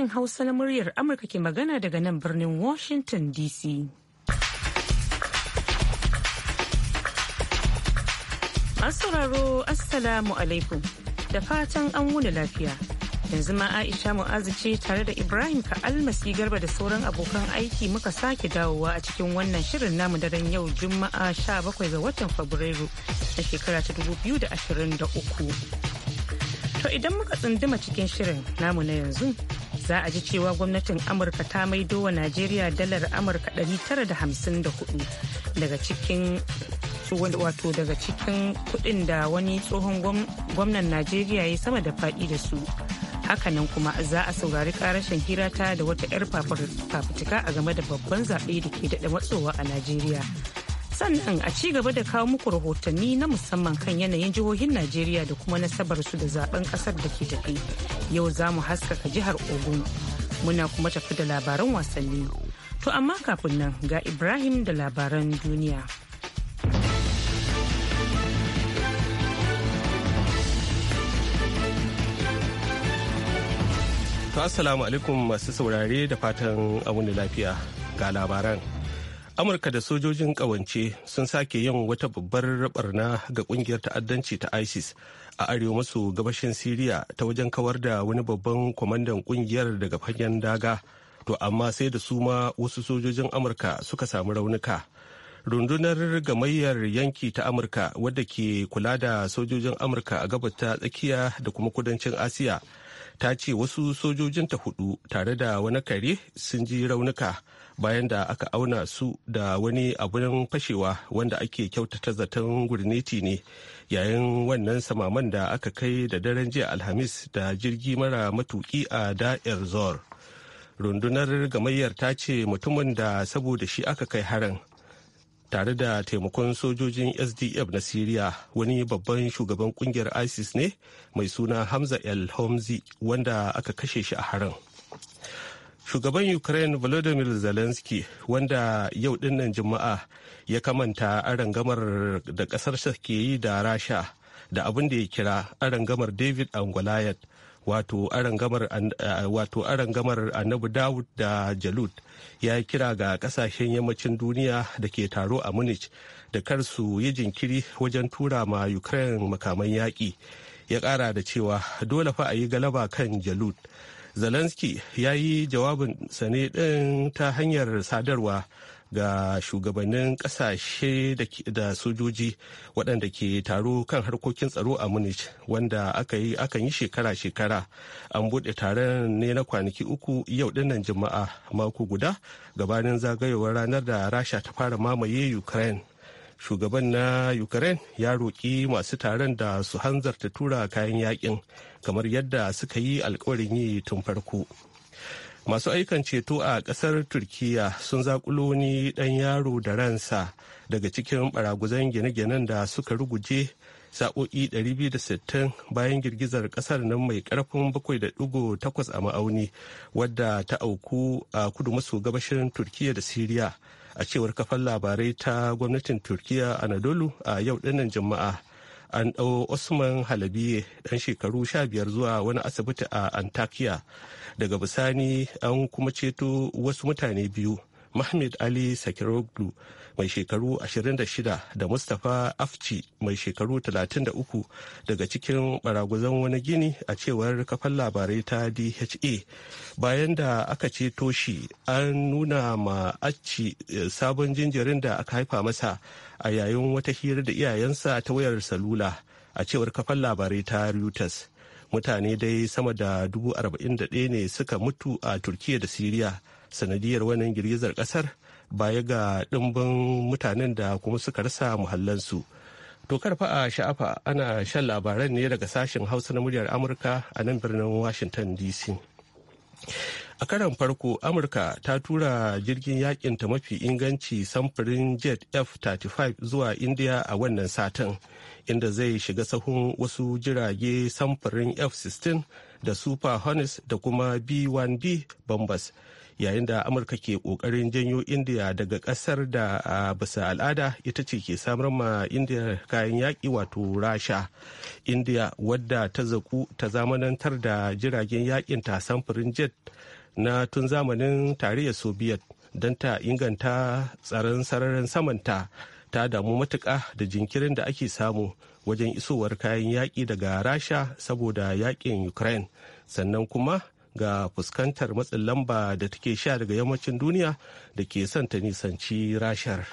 sashen Hausa na muryar Amurka ke magana daga nan birnin Washington DC. sauraro Assalamu alaikum da fatan an wuni lafiya. Yanzu ma Aisha Mu'azu ce tare da Ibrahim ka almasi Garba da sauran abokan aiki muka sake dawowa a cikin wannan shirin namu daren yau Juma'a 17 ga watan Fabrairu na shekara ta 2023. To idan muka tsunduma cikin shirin namu na yanzu za a ji cewa gwamnatin amurka ta maido wa najeriya dalar amurka 954 daga cikin wato daga cikin kudin da wani tsohon gwamnan najeriya ya sama da faɗi da su hakanan kuma za a saurari karashin hira ta da wata 'yar fafutuka a game da babban zaɓe da ke daɗa matsowa a najeriya sannan a ci gaba da kawo muku rahotanni na musamman kan yanayin jihohin najeriya da kuma nasabar su da zaben kasar da ke tafi yau za mu haskaka jihar ogun muna kuma tafi da labaran wasanni to amma kafin nan ga ibrahim da labaran duniya Assalamu alaikum masu saurare da fatan abun da lafiya ga labaran. amurka da sojojin kawance sun sake yin wata babbar barna ga kungiyar ta'addanci ta isis a arewa maso gabashin siriya ta wajen kawar da wani babban kwamandan kungiyar daga fagen daga to amma sai da su ma wasu sojojin amurka suka samu raunuka rundunar gamayyar yanki ta amurka wadda ke kula da sojojin amurka a gabata tsakiya da kuma kudancin asiya ta ce wasu sojojinta hudu tare da wani kare sun ji raunuka bayan da aka auna su da wani abin fashewa wanda ake kyautata zaton gurneti ne yayin wannan samaman da aka kai da daren jiya alhamis da jirgi mara matuki a da'ir zor rundunar gamayyar ta ce mutumin da saboda shi aka kai harin tare da taimakon sojojin sdf na syria wani babban shugaban kungiyar isis ne mai suna hamza el homzi wanda aka kashe shi a harin shugaban ukraine volodymyr zelensky wanda yau dinnan juma'a ya kamanta gamar da kasarsa ke yi da rasha da abin da ya kira gamar david and wato gamar annabi dawud da jalud ya kira ga kasashen yammacin duniya da ke taro a munich da kar su yi jinkiri wajen tura ma ukraine makaman yaƙi ya ƙara da cewa dole fa a yi galaba kan jalud zelensky ya yi jawabin sane ɗin ta hanyar sadarwa ga shugabannin kasashe da sojoji waɗanda ke taro kan harkokin tsaro a munich wanda aka yi akan yi shekara-shekara an buɗe taron ne na kwanaki uku yau dinnan juma'a mako guda gabanin zagayowar ranar da rasha ta fara mamaye ukraine shugaban na ukraine ya roƙi masu taron da su hanzarta tura kayan yakin kamar yadda suka yi alkawarin yi tun farko masu aikan ceto a kasar turkiya sun zakulo ni dan yaro da ransa daga cikin baraguzan gine-ginen da suka ruguje sa'o'i 260 bayan girgizar kasar nan mai karfin 7.8 a ma'auni wadda ta auku a kudu maso gabashin turkiya da siriya a cewar kafan labarai ta gwamnatin turkiya anadolu a yau dinnan juma'a. an ɗau Osman Halabi ɗan shekaru sha biyar zuwa wani asibiti a Antakya. Daga bisani an kuma ceto wasu mutane biyu mahmed ali sakiroglu mai shekaru 26 da mustapha afci mai shekaru 33 daga cikin baraguzan wani gini a cewar kafan labarai ta dha bayan da aka ceto shi an nuna ma Afci eh, sabon jinjirin da aka haifa masa a yayin wata hira da iyayensa ta wayar salula a cewar kafan labarai ta reuters mutane dai sama da dubu ne suka mutu a turkiya da siriya sanadiyar wannan girgizar kasar baya ga ɗimbin mutanen da kuma suka rasa muhallansu to karfa a sha'afa ana shan labaran ne daga sashen hausa na muryar amurka a nan birnin washington dc a karan farko amurka ta tura jirgin yakin ta mafi inganci samfurin jet f-35 zuwa india a wannan satin inda zai shiga sahun wasu jirage samfurin f-16 da super hornets da kuma b-1b bombers yayin da amurka ke kokarin janyo indiya daga kasar da a bisa al'ada ita ce ke samar ma indiya kayan yaƙi wato rasha indiya wadda ta zaku ta zamanantar da jiragen yaƙin ta samfurin jet na tun zamanin tarayyar soviet don ta inganta tsaron sararin samanta ta damu matuƙa da jinkirin da ake samu wajen isowar kayan yaƙi daga rasha saboda yaƙin ukraine sannan kuma ga fuskantar matsin lamba da take sha daga yammacin duniya da ke son ta nisanci rashar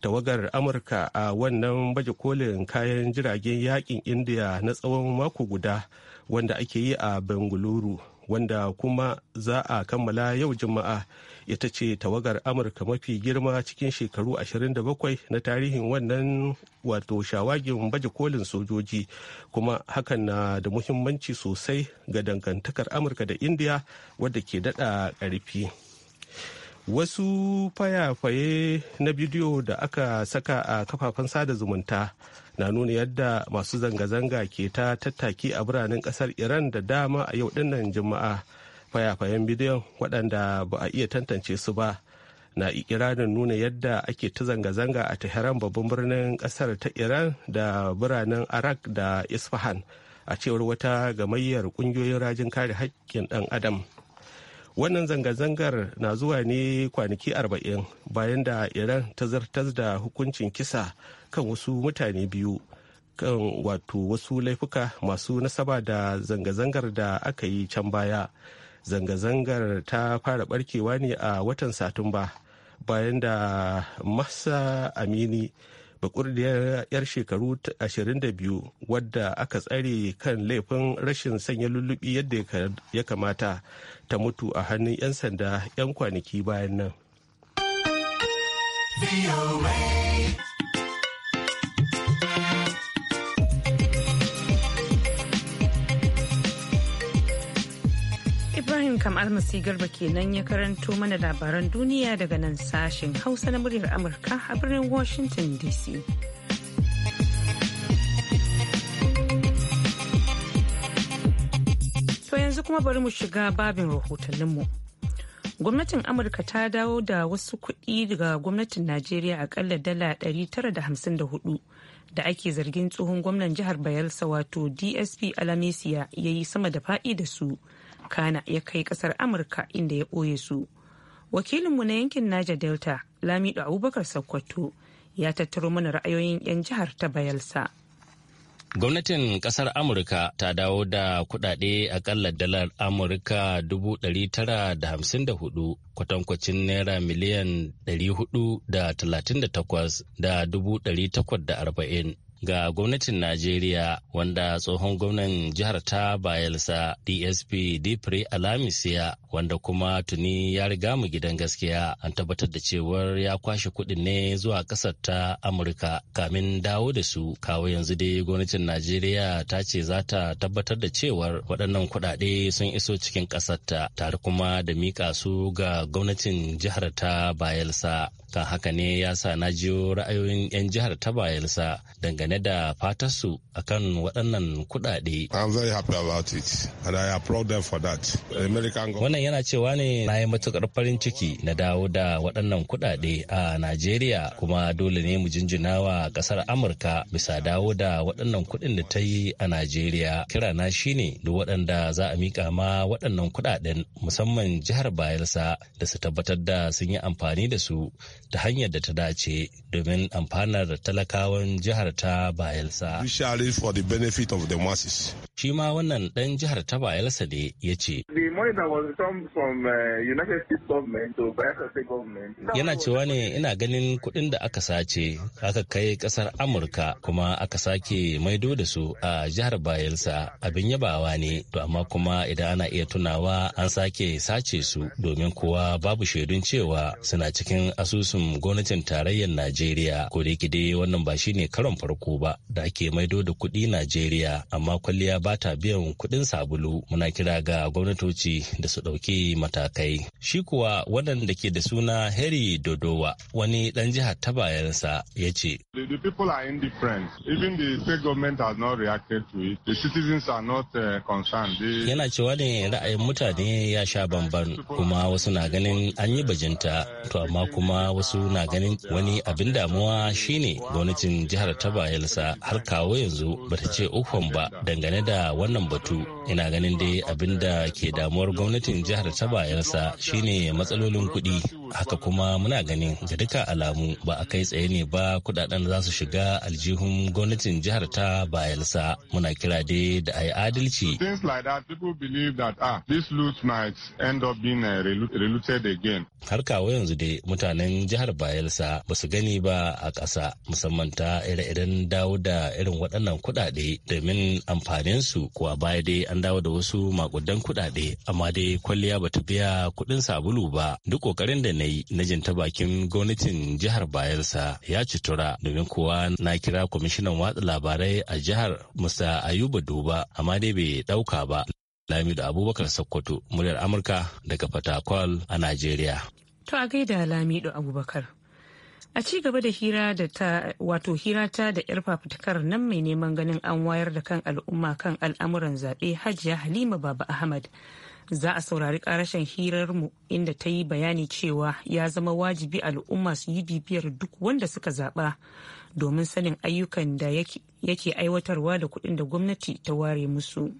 tawagar amurka a wannan baje kolin kayan jiragen yakin indiya na tsawon mako guda wanda ake yi a bengaluru wanda kuma za a kammala yau juma'a ita ce tawagar amurka mafi girma cikin shekaru 27 na tarihin wannan wato shawagin baje kolin sojoji kuma hakan na da muhimmanci sosai ga dangantakar amurka da indiya wadda ke dada karfi. wasu fayafaye na bidiyo da aka saka a kafafen sada zumunta na nuna yadda masu zanga-zanga ke ta tattaki a biranen kasar iran da dama a yau dinnan juma'a fayafayen bidiyon waɗanda ba a iya tantance su ba na ikirarin nuna yadda ake ta zanga-zanga a tehran babban birnin kasar ta iran da biranen arak da isfahan a cewar wata gamayyar ƙungiyoyin rajin kare haƙƙin ɗan adam wannan zanga-zangar na zuwa ne kwanaki arba'in bayan da iran ta zartar da hukuncin kisa kan wasu mutane biyu kan wato wasu laifuka masu nasaba da zanga-zangar da aka yi can baya zanga-zangar ta fara barkewa ne a watan satumba bayan da masa amini bakur da yar shekaru 22 wadda aka tsare kan laifin rashin sanya lullubi yadda ya kamata ta mutu a hannun 'yan sanda 'yan kwanaki bayan nan. Ibrahim Almasi Garba kenan ya karanto mana labaran duniya daga nan sashen Hausa na muryar Amurka a birnin Washington DC. To yanzu kuma bari mu shiga babin rahotanninmu. Gwamnatin Amurka ta dawo da wasu kuɗi daga gwamnatin Najeriya akalla dala 954 da ake zargin tsohon gwamnan jihar Bayelsa wato DSP Alamisiya ya yi sama da faɗi da su. kana ya kai kasar amurka inda ya ɓoye su wakilinmu na yankin niger delta lamido abubakar sokoto ya tattaro mana ra'ayoyin 'yan jihar ta bayelsa Gwamnatin kasar Amurka ta dawo da kudade akalla dalar Amurka 954 kwatankwacin naira miliyan 438 da 840 ga gwamnatin Najeriya wanda tsohon gwamnan jihar ta Bayelsa DSP Dipre Alamisiya wanda kuma tuni ya riga mu gidan gaskiya an tabbatar da cewar ya kwashe kuɗin ne zuwa ƙasar ta Amurka kamin dawo da su kawo yanzu dai gwamnatin Najeriya ta ce za ta tabbatar da cewar waɗannan kuɗaɗe sun iso cikin ƙasar ta tare kuma da miƙa su ga gwamnatin jihar ta Bayelsa kan haka ne ya sa na jiyo ra'ayoyin 'yan jihar ta bayelsa dangane da fatarsu akan waɗannan kuɗaɗe. Wannan yana cewa ne na yi matuƙar farin ciki na dawo da waɗannan kuɗaɗe a Najeriya kuma dole ne mu jinjina wa ƙasar Amurka bisa dawo da waɗannan kuɗin da ta yi a Najeriya. Kira na shine duk waɗanda za a miƙa ma waɗannan kuɗaɗen musamman jihar Bayelsa da su tabbatar da sun yi amfani da su ta hanyar da ta dace domin amfanar talakawan jihar ta Bayelsa. We shall for the benefit of the masses. shi ma wannan ɗan jihar ta bayelsa ne ya ce uh, yana cewa ne ina ganin kuɗin da aka sace aka kai ƙasar amurka kuma aka sake maido da su a jihar bayelsa abin yabawa ne to amma kuma idan ana iya tunawa an sake sace su domin kuwa babu shaidun cewa suna cikin asusun gwamnatin tarayyar najeriya ko da wannan ba shine karon farko ba da ake maido da kuɗi najeriya amma kwalliya ba ta biyan kuɗin sabulu muna kira ga gwamnatoci da su ɗauki matakai shi kuwa waɗanda ke da suna harry dodowa wani ɗan jihar ta bayansa ya ce the people are indifferent even the state government has not reacted to not uh, yana cewa ne ra'ayin mutane ya sha bamban kuma wasu na ganin an yi bajinta to amma kuma wasu na ganin wani abin damuwa shine gwamnatin jihar ta bayansa har kawo yanzu bata ce ukun ba dangane da da wannan batu ina ganin dai abin da ke damuwar gwamnatin jihar ta bayarsa shine matsalolin kuɗi haka kuma muna ganin ga duka alamu ba a kai tsaye ne ba kudaden za su shiga aljihun gwamnatin jihar ta bayelsa muna kira dai da a yi adalci ah, eh, har kawo yanzu dai mutanen jihar bayelsa ba su gani ba a kasa musamman ta ire-iren dawo da irin waɗannan kuɗaɗe domin amfanin su kuwa baya dai an dawo da wasu makudan kuɗaɗe amma dai kwalliya ba ta biya kuɗin sabulu ba duk kokarin da na yi na jin ta bakin gwamnatin jihar bayelsa ya citura domin kowa na kira kwamishinan watsa labarai a jihar musa ayuba duba amma dai bai ɗauka ba lami da abubakar sokoto muryar amurka daga fatakwal a najeriya to a gaida da abubakar a ci gaba da hira da ta wato hira ta da yar fafutukar nan mai neman ganin an wayar da kan al'umma kan al'amuran zaɓe hajiya halima baba ahmad za a saurari karashen mu inda ta yi bayani cewa ya zama wajibi al'umma su yi bibiyar duk wanda suka zaɓa domin sanin ayyukan da yake aiwatarwa da kuɗin da gwamnati ta ware musu.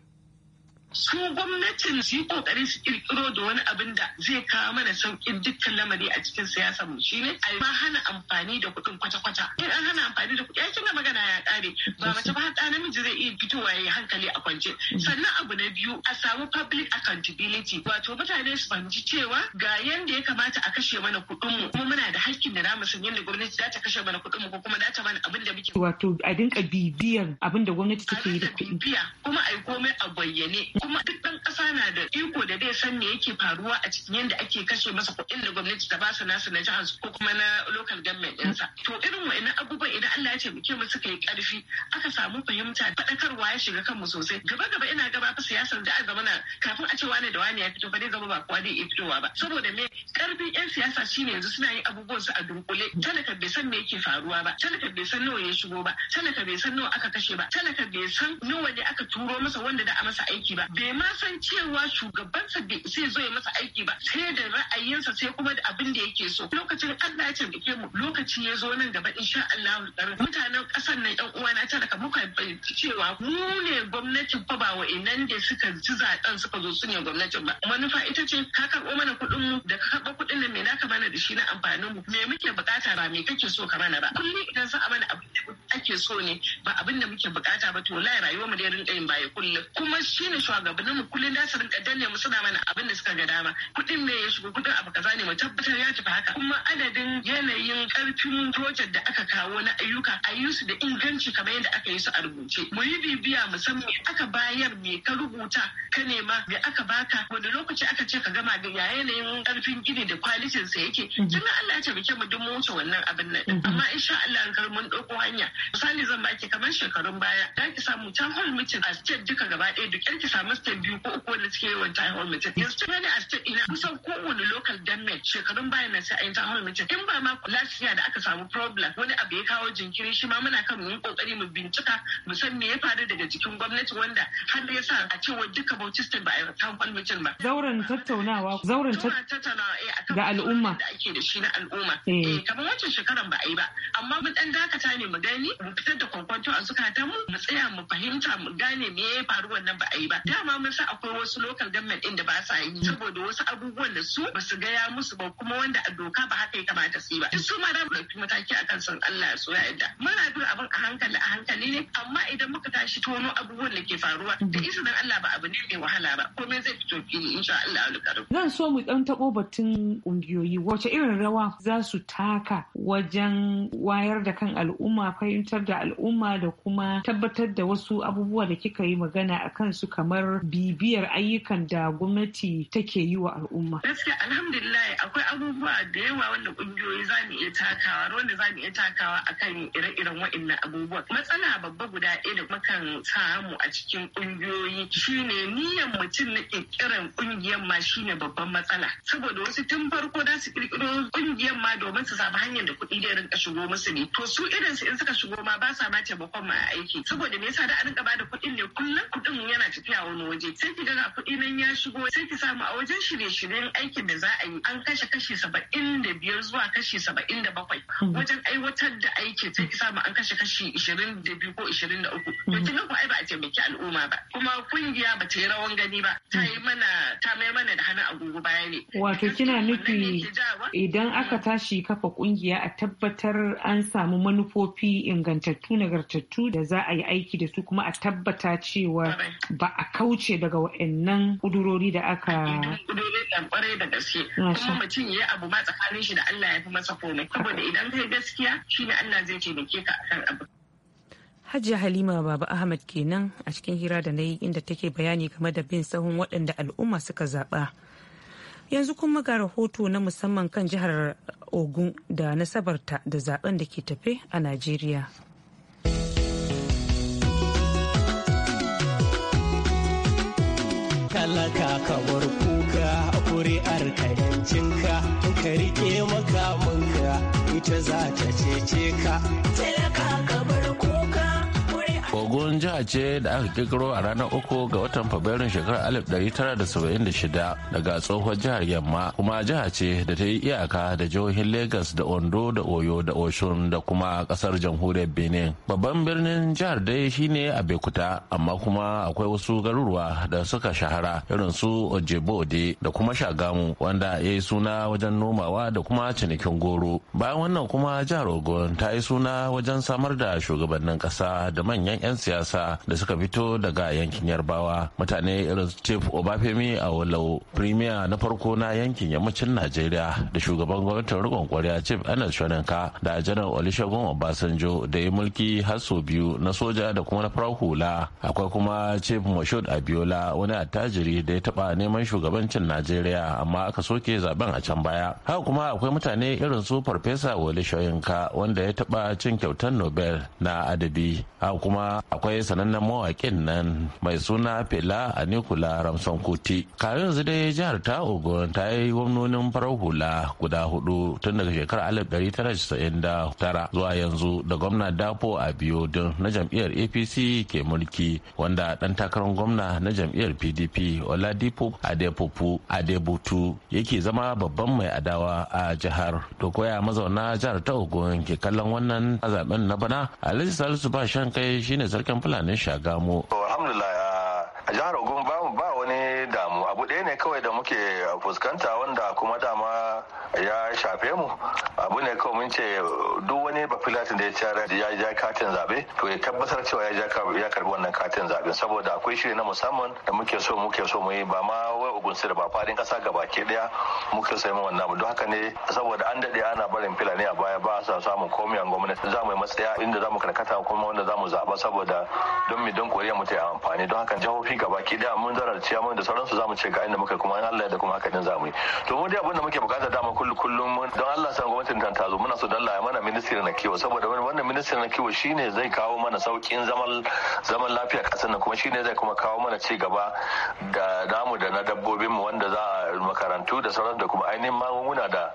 su gwamnatin su yi kokarin su kirkiro da wani abin da zai kawo mana saukin dukkan lamari a cikin siyasar mu shine a ma hana amfani da kuɗin kwata-kwata in an hana amfani da kuɗi yakin da magana ya kare ba mace ba ɗa namiji zai iya fitowa ya hankali a kwance sannan abu na biyu a samu public accountability wato mutane su fahimci cewa ga yanda ya kamata a kashe mana kuɗin mu kuma muna da hakkin da namu san yanda gwamnati za ta kashe mana kuɗin mu ko kuma za ta mana abin da muke wato a dinka bibiyar abin da gwamnati take yi da kuɗi kuma a yi komai a bayyane kuma duk ɗan ƙasa na da iko da zai san me yake faruwa a cikin yadda ake kashe masa kuɗin da gwamnati ta basu nasu na jihar ko kuma na local government ɗinsa to irin wa'ina abubuwan idan Allah ya ce muke mu suka yi ƙarfi aka samu fahimta faɗakarwa ya shiga kanmu sosai gaba gaba ina gaba fa siyasar da aka kafin a ce wane da wane ya fito ba zai zama ba kowa zai iya fitowa ba saboda me ƙarfin 'yan siyasa shine yanzu suna yin abubuwan su a dunkule talaka bai san me yake faruwa ba talaka bai san nawa ya shigo ba talaka bai san nawa aka kashe ba talaka bai san nawa ne aka turo masa wanda da a masa aiki ba bai ma san cewa shugabansa zai zo ya masa aiki ba sai da ra'ayinsa sai kuma da abin da yake so lokacin Allah ya taimake mu lokaci ya zo nan gaba insha Allah mutanen kasar nan ɗan uwa na tana muka fahimci cewa mu ne gwamnatin fa ba wa'innan da suka ci zaben suka zo su ne gwamnatin ba manufa ita ce ka karɓo mana kuɗin mu da ka karɓo kuɗin nan me naka mana da shi na amfanin mu me muke bukata ba me kake so ka mana ba kullum idan za a mana abin da ake so ne ba abin da muke bukata ba to lai rayuwar mu da rin ɗayin baya kullum kuma shine shugaban gabanin mu kullum da su rinka danne mu suna mana abin da suka ga dama kuɗin ne ya shigo kuɗin abu kaza ne mu tabbatar ya tafi haka kuma adadin yanayin karfin project da aka kawo na ayyuka a yi su da inganci kamar yadda aka yi su a rubuce mu yi bibiya mu san me aka bayar me ka rubuta ka nema me aka baka wani lokaci aka ce ka gama ga ya yanayin karfin gini da kwalitin sa yake mhm. tun Allah ya tabbace mu duk mu wuce wannan abin nan mhm. amma insha Allah kar mun dauko hanya misali zan baki kamar shekarun baya da ki samu town hall meeting a state duka gaba ɗaya duk ki samu kwamistan biyu ko uku wanda suke yawan ta hall meeting yanzu tun gani a ce ina kusan kowane local damage shekarun baya na sai a yi ta in ba ma lafiya da aka samu problem wani abu ya kawo jinkiri shi ma muna kan mu kokari mu bincika mu san me ya faru daga jikin gwamnati wanda har ya sa a cewa duka bautista ba a yi ta hall ba zauren tattaunawa zauren tattaunawa da eh, al'umma da ake da shi na al'umma eh. Eh, kamar wancan shekaran ba a yi ba amma mu dan dakata ne mu gani mu fitar da kwankwanto a zukatan mu mu tsaya mu fahimta mu gane me ya faru wannan ba a yi ba da dama mun san akwai wasu local government din da ba sa yi saboda wasu abubuwan da su basu gaya musu ba kuma wanda a doka ba haka ya kamata su yi ba su ma da mu ɗauki mataki akan san Allah ya so ya yadda muna bin abin a tunani ne amma idan muka tashi tono abubuwan da ke faruwa da mhm. izinin Allah ba abu ne mai wahala ba komai zai fito fili insha Allah alƙarin zan so mu dan tabo batun kungiyoyi wace irin rawa za su taka wajen wayar da kan al'umma fahimtar da al'umma da kuma tabbatar da wasu abubuwa da kika yi magana akan su kamar bibiyar ayyukan da gwamnati take yi wa al'umma gaskiya alhamdulillah akwai abubuwa da yawa wanda kungiyoyi za mu iya takawa wanda za mu iya takawa akan ire-iren wa'annan abubuwa matsala babba guda ɗaya da samu a cikin ƙungiyoyi shine niyan mutum na ƙirƙiran ƙungiyar ma shine babban matsala saboda wasu tun farko da su ƙirƙiro ƙungiyar ma domin su samu hanyar da kuɗi da rinka shigo musu ne to su irin su in suka shigo ma ba sa ma taimakon ma a aiki saboda me yasa da a rinka bada kuɗin ne kullum kuɗin yana tafiya wani waje sai ki ga kuɗi nan ya shigo sai ki samu a wajen shirye-shiryen aikin da za a yi an kashe kashi saba'in da biyar zuwa kashi saba'in da bakwai hmm. wajen aiwatar da aiki sai ki samu an kashe kashi ishirin da biyu ko ishirin da uku mm. to kin ai ba a taimaki al'umma ba kuma kungiya ba ta yi rawan gani ba ta yi mm. mana ta mai mana da hannun agogo baya ne wato kina nufi idan aka mm. tashi kafa kungiya a tabbatar an samu manufofi ingantattu nagartattu da za a yi aiki da su kuma a tabbata cewa ba a kauce daga waɗannan kudurori da aka kudurori da gaske kuma mutum ya yi abu ma tsakanin shi da Allah ya fi masa komai saboda idan kai gaskiya shi ne Allah zai taimake ka akan abu Hajiya Halima Baba Ahmad kenan a cikin hira da na yi inda take bayani game da bin sahun waɗanda al'umma suka zaɓa. Yanzu kuma ga rahoto na musamman kan jihar Ogun da nasabarta da zaben da ke tafe a Najeriya. Talaka kamar kuka kuri'ar kayancinka, ka rike makamanka ita za ta cece ka. sun jiha ce da aka kirkiro a ranar uku ga watan Fabrairun shekarar 1976 daga tsohon jihar Yamma kuma jiha ce da ta yi iyaka da jihohin Lagos da Ondo da Oyo da Oshun da kuma kasar jamhuriyar Benin. Babban birnin jihar dai shine bekuta amma kuma akwai wasu garuruwa da suka shahara irin su Ojebode da kuma Shagamu wanda ya yi suna wajen nomawa da kuma cinikin goro. Bayan wannan kuma jihar Ogun ta yi suna wajen samar da shugabannin kasa da manyan 'yan siyasa siyasa da suka fito daga yankin yarbawa mutane irin chief obafemi a walau premier na farko na yankin yammacin najeriya da shugaban gwamnatin rikon kwarya chief anas shoninka da janar olusegun obasanjo da ya mulki har sau biyu na soja da kuma na farar hula akwai kuma chief moshood abiola wani attajiri da ya taba neman shugabancin najeriya amma aka soke zaben a can baya haka kuma akwai mutane irin su farfesa wale shoyinka wanda ya taba cin kyautar nobel na adabi haka kuma akwai akwai sanannen mawaƙin nan mai suna fela a nikula ramson kuti kayan yanzu dai jihar ta ogun ta yi gwamnonin farar hula guda hudu tun daga shekarar 1999 zuwa yanzu da gwamna dapo a biyu na jam'iyyar apc ke mulki wanda dan takarar gwamna na jam'iyyar pdp oladipo adepopu adebutu yake zama babban mai adawa a jihar to koya mazauna jihar ta ogun ke kallon wannan zaben na bana alhaji salisu ba shan kai shine sarkin fulanin shagamu alhamdulillah a jihar ogun ba wani damu abu ɗaya ne kawai da muke fuskanta wanda kuma dama ya shafe mu abu ne kawai mun ce duk wani bafilatin da ya ci ya ja katin zabe to ya tabbatar cewa ya karbi wannan katin zabe saboda akwai shiri na musamman da muke so muke so mu yi ba ma mugun da ba ƙasa ga gabaki ɗaya muka sai mun wannan don haka ne saboda an dade ana barin filani a baya ba sa samun komai a gwamnati za mu yi matsaya inda za mu karkata kuma wanda za mu zaba saboda don mu don koriya mu ta yi amfani don haka jihohi gabaki ɗaya mun zarar mun da sauransu za mu ce ga inda muka kuma in Allah da kuma haka din za mu yi to mu dai abin da muke bukata dama kullum kullum don Allah san gwamnatin ta tazo muna so dalla mana ministry na kiwo saboda wannan ministry na kiwo shine zai kawo mana saukin zaman zaman lafiya kasar nan kuma shine zai kuma kawo mana ci gaba da namu da na dabbo dabbobinmu wanda za makarantu da sauran da kuma ainihin magunguna da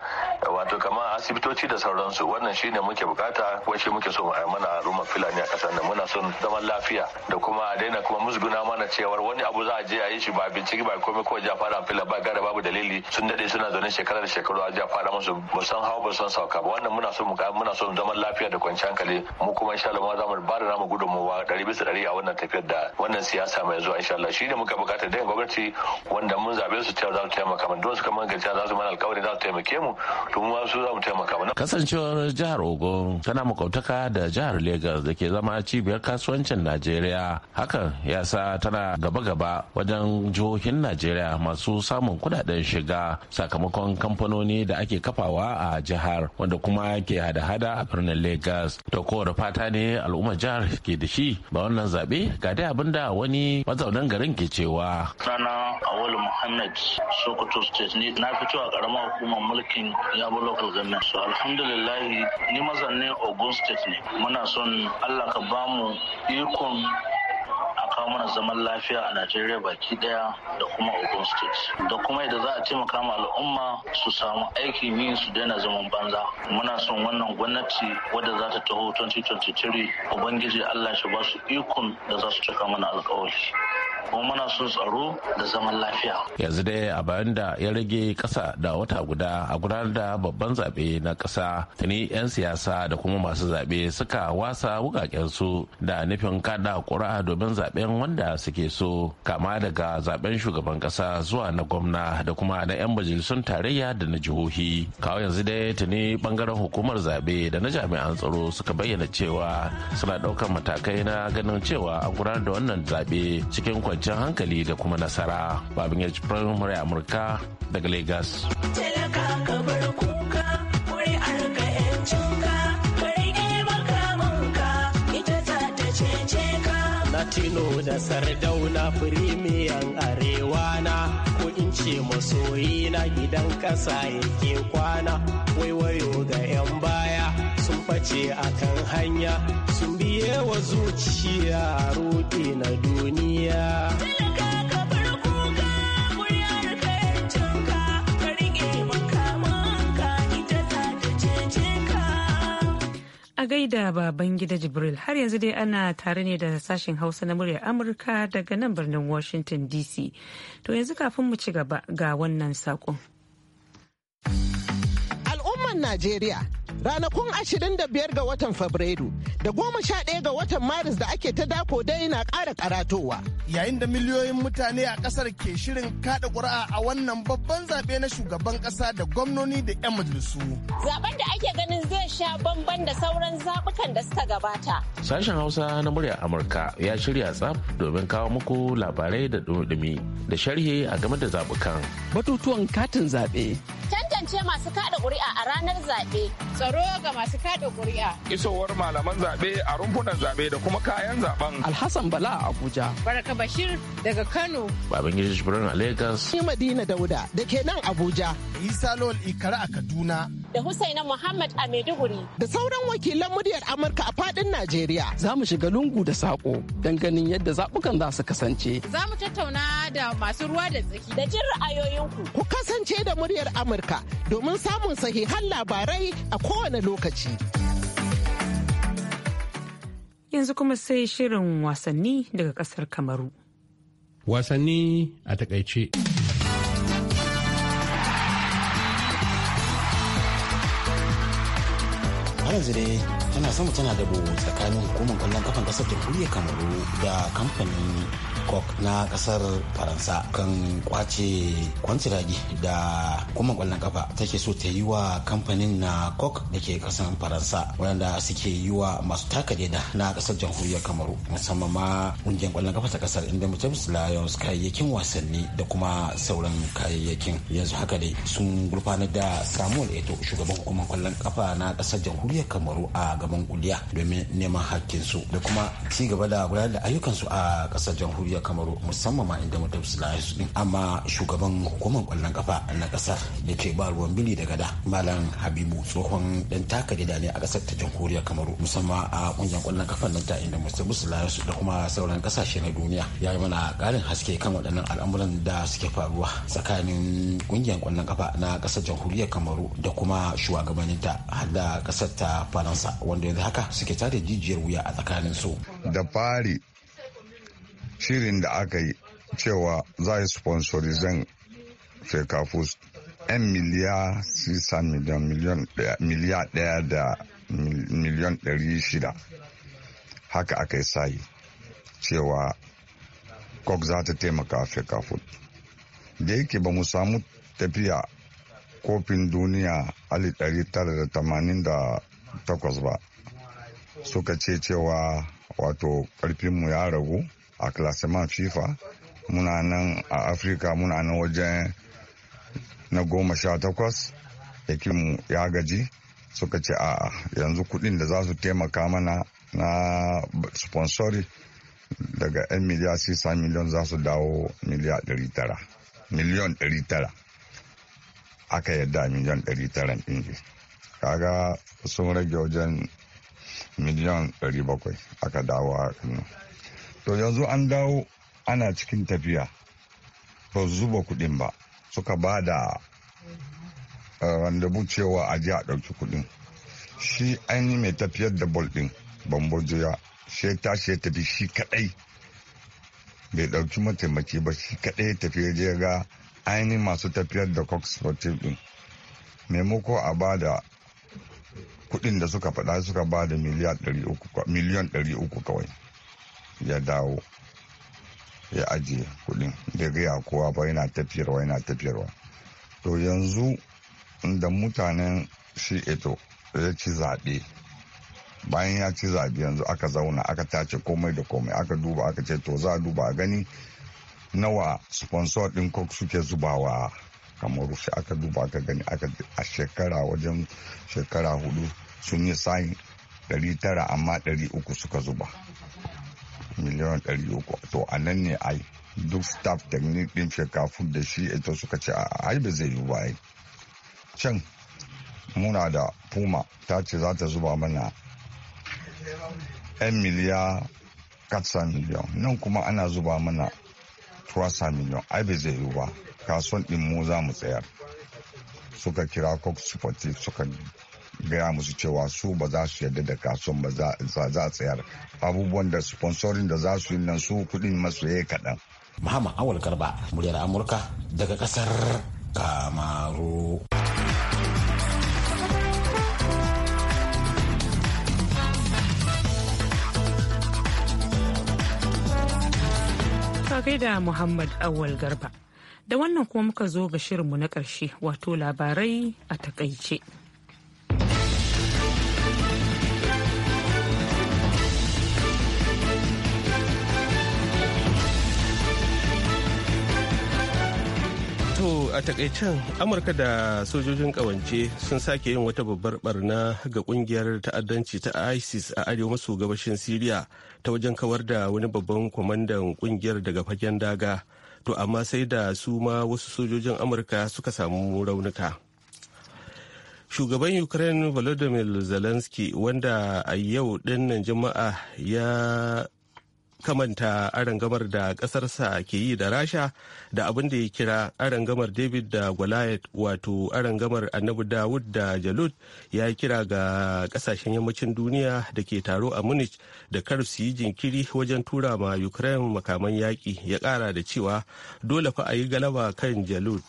wato kama asibitoci da sauransu wannan shine muke bukata kuma shi muke so mu mana al'ummar filani a kasar nan muna son zaman lafiya da kuma a daina kuma musguna mana cewar wani abu za a je a yi shi ba bincike ba komai ko ja fara fila ba gara babu dalili sun dade suna zaune shekarar da shekaru a ja fara musu ba san hawa ba san sauka ba wannan muna so mu muna so zaman lafiya da kwanciyar hankali mu kuma insha Allah za mu ba da namu gudunmuwa ɗari bisa dari a wannan tafiyar da wannan siyasa mai zuwa insha Allah shi ne muka bukata da gwamnati wanda mun zabe su cewa za su taimaka mana don su kamar gajiya za su mana alkawari za su taimake mu to mu su za mu taimaka mana. kasancewar jihar ogun tana makwabtaka da jihar Legas da ke zama cibiyar kasuwancin najeriya hakan ya sa tana gaba-gaba wajen jihohin najeriya masu samun kudaden shiga sakamakon kamfanoni da ake kafawa a jihar wanda kuma ke hada-hada a birnin lagos da fata ne al'ummar jihar ke da shi ba wannan zaɓe ga dai abin da wani mazaunan garin ke cewa. Sana Awolu Muhammad Sokoto state na fito a karamar hukumar mulkin yabo local government so alhamdulillah ni mazannin ogun state ne muna son allah ka bamu ikon kawo mana zaman lafiya a Najeriya baki daya da kuma Ogun State. Da kuma yadda za a taimaka ma al'umma su samu aiki yi su daina zaman banza. Muna son wannan gwamnati wadda za ta taho 2023 Ubangiji Allah shi ba su ikon da za su cika mana alkawari. kuma muna so tsaro da zaman lafiya yanzu dai a bayan da ya rage kasa da wata guda a gudanar da babban zaɓe na kasa tuni 'yan siyasa da kuma masu zaɓe suka wasa su da nufin kada ƙuri'a domin zaɓen wanda suke so kama daga zaɓen shugaban kasa zuwa na gwamna da kuma na 'yan majalisun tarayya da na jihohi kawo yanzu dai tuni bangaren hukumar zaɓe da na jami'an tsaro suka bayyana cewa suna ɗaukar matakai na ganin cewa a gudanar da wannan zaɓe cikin kwanci kwanciyar hankali da kuma nasara babin ya ci mara amurka daga lagos Latino da Sardauna firimiyan arewa na ko in ce masoyi na gidan ƙasa yake kwana waiwayo ga 'yan baya sun face a kan hanya sun biye wa zuciya roƙi na duniya. a gaida baban gida jibril har yanzu dai ana tare ne da sashen hausa na muryar amurka daga nan birnin washington dc to yanzu kafin mu ci gaba ga wannan sakon al'ummar najeriya ranakun 25 ga watan fabrairu da goma sha 11 ga watan maris da ake ta dako dai na ƙara karatowa yayin da miliyoyin mutane a ƙasar ke shirin kaɗa ƙuri'a a wannan babban zaɓe na shugaban ƙasa da gwamnoni da 'yan majalisu zaben da ake ganin zai sha bamban da sauran zabukan da suka gabata sashen hausa na murya amurka ya shirya tsaf domin kawo muku labarai da dumi da sharhi a game da zabukan. batutuwan katin zaɓe kasance masu kada kuri'a a ranar zaɓe. Tsaro ga masu kada ƙuri'a. Isowar malaman zaɓe a rumfunan zaɓe da kuma kayan zaɓen. Alhassan Bala a Abuja. Baraka Bashir daga Kano. Babangida Jibrin a Lagos. Ni Madina Dauda da ke nan Abuja. Isa Lol Ikara a Kaduna. da Husaina Muhammad a Maiduguri. Da sauran wakilan muryar Amurka a fadin Najeriya. Za mu shiga lungu da sako don ganin yadda zaɓukan za su kasance. Za mu tattauna da masu ruwa da tsaki. Da jin ra'ayoyinku. Ku kasance da muryar Amurka domin samun sahihan labarai a kowane lokaci. Yanzu kuma sai shirin wasanni daga ƙasar Kamaru. Wasanni a takaice. har yanzu dai tana sama tana dabo tsakanin hukumar kwallon kafan kasar kuriya kamaru da kamfanin Coq na kasar Faransa kan kwace kwantiragi da kuma kwallon kafa take so ta yi wa kamfanin na Coq da ke kasar Faransa wadanda suke yi wa masu taka da na kasar jamhuriyar Kamaru musamman ma kungiyar kwallon kafa ta kasar inda mutum Lions kayayyakin wasanni da kuma sauran kayayyakin yanzu haka dai sun gurfanar da Samuel Eto shugaban hukumar kwallon kafa na kasar jamhuriyar Kamaru a gaban kuliya domin neman hakkinsu da kuma ci gaba da gudanar da ayyukansu a kasar jamhuriyar jamhuriyar kamaru musamman ma inda mutum su din amma shugaban hukumar kwallon kafa na kasar da ke ba ruwan bili daga da malam habibu tsohon dan taka da ne a kasar ta jamhuriyar kamaru musamman a kungiyar kwallon kafa nan ta inda mutum yi da kuma sauran kasashe na duniya ya yi mana karin haske kan waɗannan al'amuran da suke faruwa tsakanin kungiyar kwallon kafa na kasar jamhuriyar kamaru da kuma shugabanninta har da kasar ta faransa wanda yanzu haka suke tare jijiyar wuya a tsakanin su da fari shirin da aka yi cewa za a yi sponsorizan shekafus 'yan miliya 600 miliyan miliyan daya da miliyan 600 haka aka yi sayi cewa kok za ta taimaka shekafus da yake ba mu samu tafiya kofin duniya ali 988 ba suka ce cewa wato karfinmu ya ragu a klaseman fifa muna nan a afirka muna nan wajen na goma sha takwas yakinmu ya gaji suka ce a yanzu kudin da za su taimaka mana na sponsori daga 'yan miliyan 600 miliyan za su dawo miliyan 900 aka yadda miliyan 900 ɗin kaga sun rage wajen miliyan 700 aka dawo a kanu to yanzu an dawo ana cikin tafiya ba su zuba kudin ba suka ba da eh, randabu cewa a ji a ɗauki kudin shi an yi mai tafiyar da bol ɗin bambojiya shi tashi ya tafi shi kaɗai bai ɗauki mataimaki ba shi kaɗai tafiya je ga ainihin masu tafiyar da cox sportive ɗin maimako a ba da kuɗin da suka faɗa suka ba da miliyan ɗari uku kawai ya dawo ya ajiye kudin da gaya kowa ba yana tafiyarwa yana tafiyarwa to yanzu da mutanen shi eto ya ci zaɓe bayan ya ci zaɓe yanzu aka zauna aka tace komai da komai aka duba aka ce to za a duba a gani nawa sponsor ɗin kok suke zubawa kamar shi aka duba aka gani aka a shekara wajen shekara hudu sun yi sayin 900 amma 300 suka zuba miliyan 300 to a nan ne ai duk staff technique din shekafu da shi ita suka ce ai ba zai yi ba ai can muna da puma ta ce za ta zuba mana 'yan miliya katsa miliyan nan kuma ana zuba mana turasa miliyan ai bai zai yi ba kasuwan din mu za mu tsayar suka kira cox sportive suka gaya musu cewa su ba za su yarda da kasuwan ba za a tsayar abubuwan da sponsorin da za su yi nan su kudin masu yayi kaɗan. Muhammad Awal Garba muryar Amurka daga ƙasar Kamaru. da Muhammad Awal Garba. Da wannan kuma muka zo ga shirinmu na ƙarshe wato labarai a takaice. To a takaicen Amurka da sojojin kawance sun sake yin wata babbar barna ga kungiyar ta'addanci ta ISIS a arewa maso gabashin Siriya ta wajen kawar da wani babban kwamandan kungiyar daga fagen daga. To amma sai da su ma wasu sojojin Amurka suka samu raunuka. Shugaban Ukraine Volodymyr Zelensky wanda a yau dinnan jama'a ya kamanta gamar da ƙasarsa ke yi da rasha da abin da ya kira gamar david da goliath wato gamar annabi dawud da jalud ya kira ga ƙasashen yammacin duniya da ke taro a munich da kar su yi jinkiri wajen tura ma ukraine makaman yaƙi ya ƙara da cewa dole fa a yi galaba kan jalud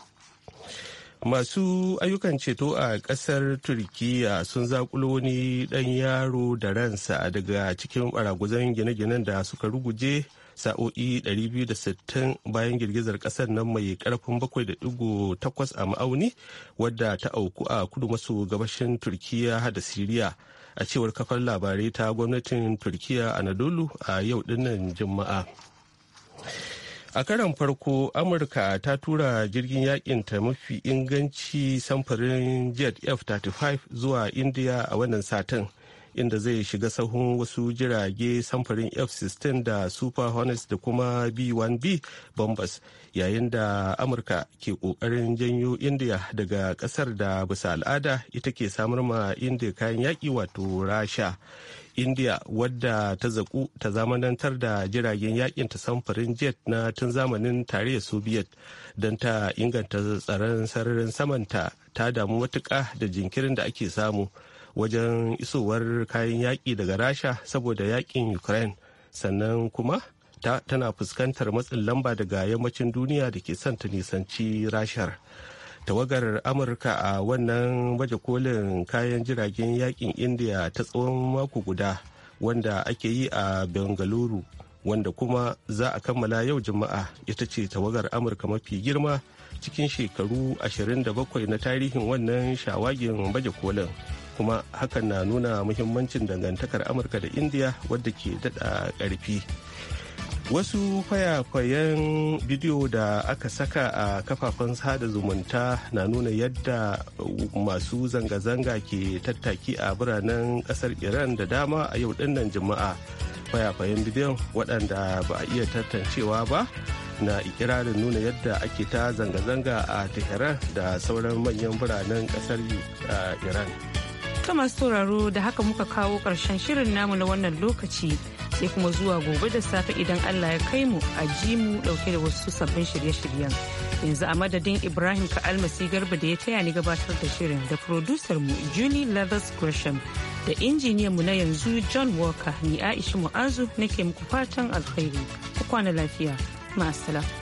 masu ayyukan ceto a kasar turkiya sun zakulo wani dan yaro da ransa daga cikin baraguzan gine-ginen da suka ruguje sa'o'i 260 bayan girgizar kasar nan mai karfin 7.8 a ma'auni wadda ta auku a kudu maso gabashin turkiya da siriya a cewar kafar labarai ta gwamnatin turkiya anadolu a yau dinnan juma'a a karan farko amurka ta tura jirgin yakin ta mafi inganci samfurin jet f-35 zuwa india a wannan satin inda zai shiga sahun wasu jirage samfurin f-16 da super hornets da kuma b-1b bombers yayin da amurka ke kokarin janyo india daga kasar da bisa al'ada ita ke samar ma india kayan yaki wato rasha india wadda ta zaku ta zamanantar da jiragen yakin ta samfurin jet na tun zamanin tarayyar soviet don ta inganta tsaron sararin samanta ta damu matuka da jinkirin da ake samu wajen isowar kayan yaƙi daga rasha saboda yaƙin ukraine sannan kuma tana fuskantar matsin lamba daga yammacin duniya da ke son ta nisanci rashar tawagar amurka a wannan baje kolin kayan jiragen yaƙin indiya ta tsawon mako guda wanda ake yi a bengaluru wanda kuma za a kammala yau juma'a ita ce tawagar amurka mafi girma cikin shekaru 27 na tarihin wannan shawagin baje kolin. kuma hakan na nuna muhimmancin dangantakar amurka da indiya wadda ke daɗa karfi wasu kwayakwayen bidiyo da aka saka a kafafen sada zumunta na nuna yadda masu zanga-zanga ke tattaki a biranen kasar iran da dama a yau dinnan juma'a kwayakwayen bidiyon waɗanda ba a iya tantancewa ba na ikirarin nuna yadda ake ta zanga-zanga a tehran da sauran manyan biranen kasar eh, iran ta masu sauraro da haka muka kawo ƙarshen shirin namu na wannan lokaci sai kuma zuwa gobe da safe idan Allah ya kai mu a ji mu ɗauke da wasu sabbin shirye-shiryen. Yanzu a madadin Ibrahim Ka'almasi Garba da ya taya ni gabatar da shirin da producer mu Julie Leathers Gresham da injiniyan mu na yanzu John Walker ni Aisha Mu'azu nake muku fatan alkhairi. Ku kwana lafiya. Ma'asala.